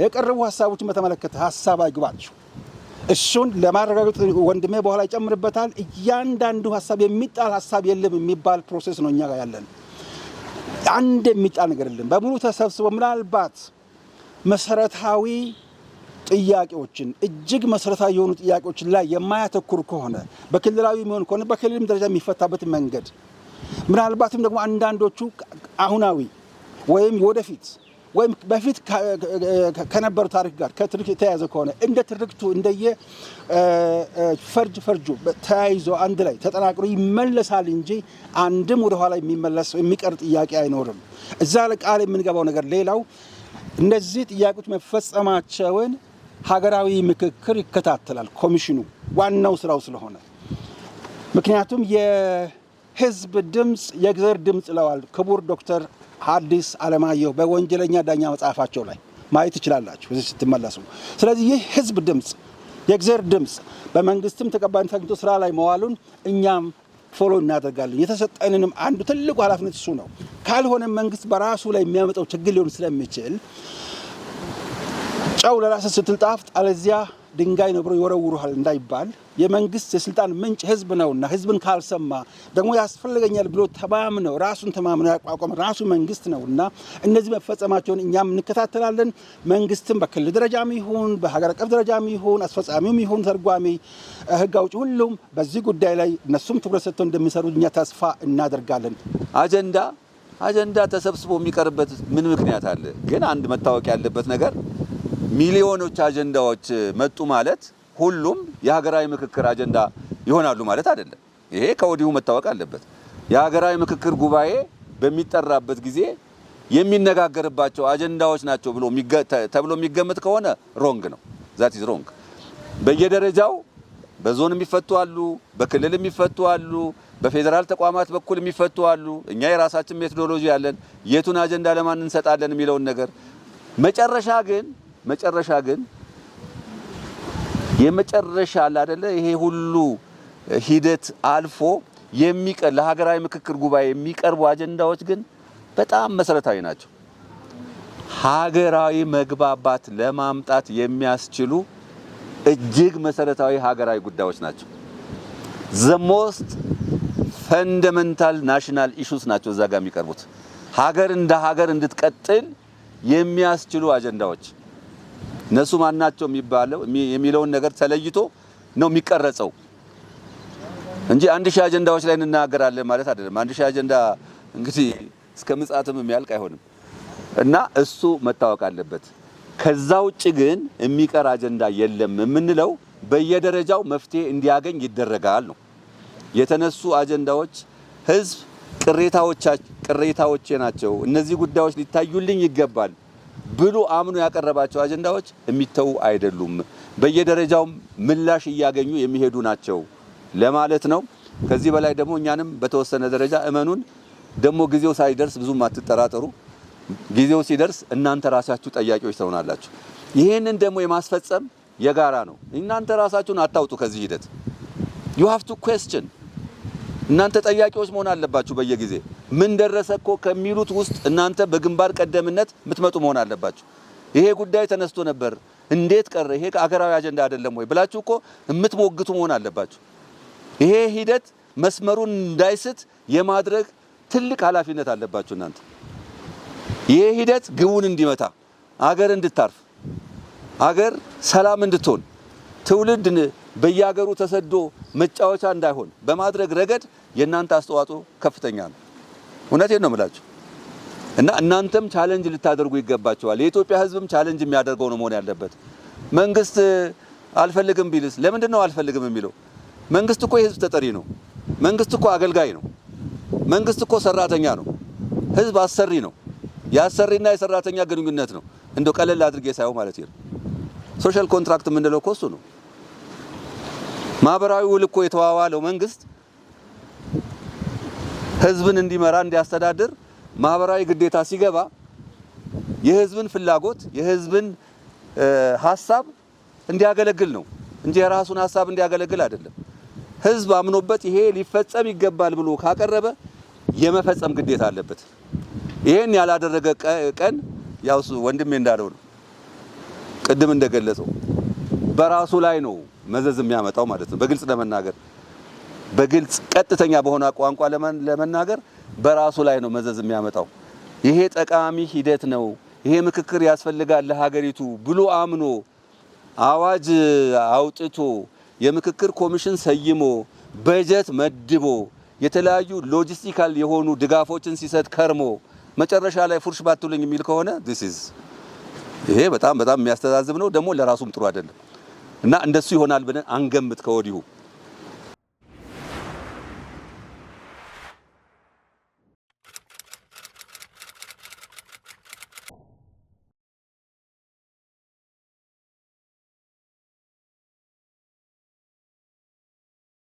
የቀረቡ ሀሳቦችን በተመለከተ ሀሳብ አይግባችሁ። እሱን ለማረጋገጥ ወንድሜ በኋላ ይጨምርበታል። እያንዳንዱ ሀሳብ የሚጣል ሀሳብ የለም የሚባል ፕሮሴስ ነው እኛ ጋር ያለን። አንድ የሚጣል ነገር የለም። በሙሉ ተሰብስቦ ምናልባት መሰረታዊ ጥያቄዎችን እጅግ መሰረታዊ የሆኑ ጥያቄዎችን ላይ የማያተኩር ከሆነ በክልላዊ የሚሆን ከሆነ በክልልም ደረጃ የሚፈታበት መንገድ ምናልባትም ደግሞ አንዳንዶቹ አሁናዊ ወይም ወደፊት ወይም በፊት ከነበሩ ታሪክ ጋር ከትርክ የተያዘ ከሆነ እንደ ትርክቱ እንደየ ፈርጅ ፈርጁ ተያይዞ አንድ ላይ ተጠናቅሮ ይመለሳል እንጂ አንድም ወደኋላ የሚመለስ የሚቀር ጥያቄ አይኖርም። እዛ ቃል የምንገባው ነገር ሌላው እነዚህ ጥያቄዎች መፈጸማቸውን ሀገራዊ ምክክር ይከታተላል ኮሚሽኑ ዋናው ስራው ስለሆነ ምክንያቱም የህዝብ ድምፅ የግዘር ድምፅ ለዋል ክቡር ዶክተር ሐዲስ ዓለማየሁ በወንጀለኛ ዳኛ መጽሐፋቸው ላይ ማየት ትችላላችሁ እዚህ ስትመለሱ። ስለዚህ ይህ ህዝብ ድምፅ የእግዜር ድምፅ በመንግስትም ተቀባይነት አግኝቶ ስራ ላይ መዋሉን እኛም ፎሎ እናደርጋለን። የተሰጠንንም አንዱ ትልቁ ኃላፊነት እሱ ነው። ካልሆነ መንግስት በራሱ ላይ የሚያመጣው ችግር ሊሆን ስለሚችል ጨው ለራስ ስትል ጣፍጥ አለዚያ ድንጋይ ነው ብሎ ይወረውሩሃል እንዳይባል የመንግስት የስልጣን ምንጭ ህዝብ ነውና ህዝብን ካልሰማ ደግሞ ያስፈልገኛል ብሎ ተማምነው ራሱን ተማምነው ያቋቋመ ራሱ መንግስት ነውና እነዚህ መፈጸማቸውን እኛም እንከታተላለን። መንግስትም በክልል ደረጃም ይሁን በሀገር አቀፍ ደረጃም ይሁን አስፈጻሚም ይሁን ተርጓሚ፣ ህግ አውጭ፣ ሁሉም በዚህ ጉዳይ ላይ እነሱም ትኩረት ሰጥተው እንደሚሰሩ እኛ ተስፋ እናደርጋለን። አጀንዳ አጀንዳ ተሰብስቦ የሚቀርበት ምን ምክንያት አለ? ግን አንድ መታወቅ ያለበት ነገር ሚሊዮኖች አጀንዳዎች መጡ ማለት ሁሉም የሀገራዊ ምክክር አጀንዳ ይሆናሉ ማለት አይደለም። ይሄ ከወዲሁ መታወቅ አለበት። የሀገራዊ ምክክር ጉባኤ በሚጠራበት ጊዜ የሚነጋገርባቸው አጀንዳዎች ናቸው ብሎ ተብሎ የሚገመት ከሆነ ሮንግ ነው። ዛት ኢዝ ሮንግ። በየደረጃው በዞን የሚፈቱ አሉ፣ በክልል የሚፈቱ አሉ፣ በፌዴራል ተቋማት በኩል የሚፈቱ አሉ። እኛ የራሳችን ሜቶዶሎጂ ያለን የቱን አጀንዳ ለማን እንሰጣለን የሚለውን ነገር መጨረሻ ግን መጨረሻ ግን የመጨረሻ አለ አይደለ ይሄ ሁሉ ሂደት አልፎ የሚቀር ለሀገራዊ ምክክር ጉባኤ የሚቀርቡ አጀንዳዎች ግን በጣም መሰረታዊ ናቸው። ሀገራዊ መግባባት ለማምጣት የሚያስችሉ እጅግ መሰረታዊ ሀገራዊ ጉዳዮች ናቸው። ዘ ሞስት ፈንደመንታል ናሽናል ኢሹስ ናቸው እዛ ጋር የሚቀርቡት ሀገር እንደ ሀገር እንድትቀጥል የሚያስችሉ አጀንዳዎች እነሱ ማናቸው የሚባለው የሚለውን ነገር ተለይቶ ነው የሚቀረጸው እንጂ አንድ ሺህ አጀንዳዎች ላይ እንናገራለን ማለት አይደለም። አንድ ሺህ አጀንዳ እንግዲህ እስከ ምጻትም የሚያልቅ አይሆንም እና እሱ መታወቅ አለበት። ከዛ ውጭ ግን የሚቀር አጀንዳ የለም የምንለው በየደረጃው መፍትሄ እንዲያገኝ ይደረጋል ነው። የተነሱ አጀንዳዎች ህዝብ ቅሬታዎቼ ናቸው፣ እነዚህ ጉዳዮች ሊታዩልኝ ይገባል ብሎ አምኖ ያቀረባቸው አጀንዳዎች የሚተዉ አይደሉም። በየደረጃውም ምላሽ እያገኙ የሚሄዱ ናቸው ለማለት ነው። ከዚህ በላይ ደግሞ እኛንም በተወሰነ ደረጃ እመኑን። ደግሞ ጊዜው ሳይደርስ ብዙም አትጠራጠሩ። ጊዜው ሲደርስ እናንተ ራሳችሁ ጠያቂዎች ትሆናላችሁ። ይህንን ደግሞ የማስፈጸም የጋራ ነው። እናንተ ራሳችሁን አታውጡ ከዚህ ሂደት ዩ ሃቭ ቱ ኩዌስችን እናንተ ጠያቂዎች መሆን አለባችሁ። በየጊዜ ምን ደረሰ እኮ ከሚሉት ውስጥ እናንተ በግንባር ቀደምነት የምትመጡ መሆን አለባችሁ። ይሄ ጉዳይ ተነስቶ ነበር፣ እንዴት ቀረ? ይሄ አገራዊ አጀንዳ አይደለም ወይ ብላችሁ እኮ የምትሞግቱ መሆን አለባችሁ። ይሄ ሂደት መስመሩን እንዳይስት የማድረግ ትልቅ ኃላፊነት አለባችሁ እናንተ። ይሄ ሂደት ግቡን እንዲመታ፣ አገር እንድታርፍ፣ አገር ሰላም እንድትሆን ትውልድ በየሀገሩ ተሰዶ መጫወቻ እንዳይሆን በማድረግ ረገድ የእናንተ አስተዋጽኦ ከፍተኛ ነው። እውነቴን ነው የምላችሁ እና እናንተም ቻለንጅ ልታደርጉ ይገባቸዋል። የኢትዮጵያ ሕዝብም ቻለንጅ የሚያደርገው ነው መሆን ያለበት። መንግስት አልፈልግም ቢልስ ለምንድን ነው አልፈልግም የሚለው? መንግስት እኮ የህዝብ ተጠሪ ነው። መንግስት እኮ አገልጋይ ነው። መንግስት እኮ ሰራተኛ ነው። ህዝብ አሰሪ ነው። የአሰሪና የሰራተኛ ግንኙነት ነው። እንደው ቀለል አድርጌ ሳይሆን ማለት ነው። ሶሻል ኮንትራክት የምንለው እኮ እሱ ነው። ማህበራዊ ውል እኮ የተዋዋለው መንግስት ህዝብን እንዲመራ እንዲያስተዳድር ማህበራዊ ግዴታ ሲገባ የህዝብን ፍላጎት የህዝብን ሀሳብ እንዲያገለግል ነው እንጂ የራሱን ሀሳብ እንዲያገለግል አይደለም። ህዝብ አምኖበት ይሄ ሊፈጸም ይገባል ብሎ ካቀረበ የመፈጸም ግዴታ አለበት። ይሄን ያላደረገ ቀን ያውስ ወንድሜ እንዳለው ነው ቅድም እንደገለጸው በራሱ ላይ ነው መዘዝ የሚያመጣው ማለት ነው። በግልጽ ለመናገር በግልጽ ቀጥተኛ በሆነ ቋንቋ ለመናገር በራሱ ላይ ነው መዘዝ የሚያመጣው። ይሄ ጠቃሚ ሂደት ነው፣ ይሄ ምክክር ያስፈልጋል ለሀገሪቱ ብሎ አምኖ አዋጅ አውጥቶ የምክክር ኮሚሽን ሰይሞ በጀት መድቦ የተለያዩ ሎጂስቲካል የሆኑ ድጋፎችን ሲሰጥ ከርሞ መጨረሻ ላይ ፉርሽ ባትሉኝ የሚል ከሆነ ዲስ ኢዝ ይሄ በጣም በጣም የሚያስተዛዝብ ነው። ደግሞ ለራሱም ጥሩ አይደለም። እና እንደሱ ይሆናል ብለን አንገምት ከወዲሁ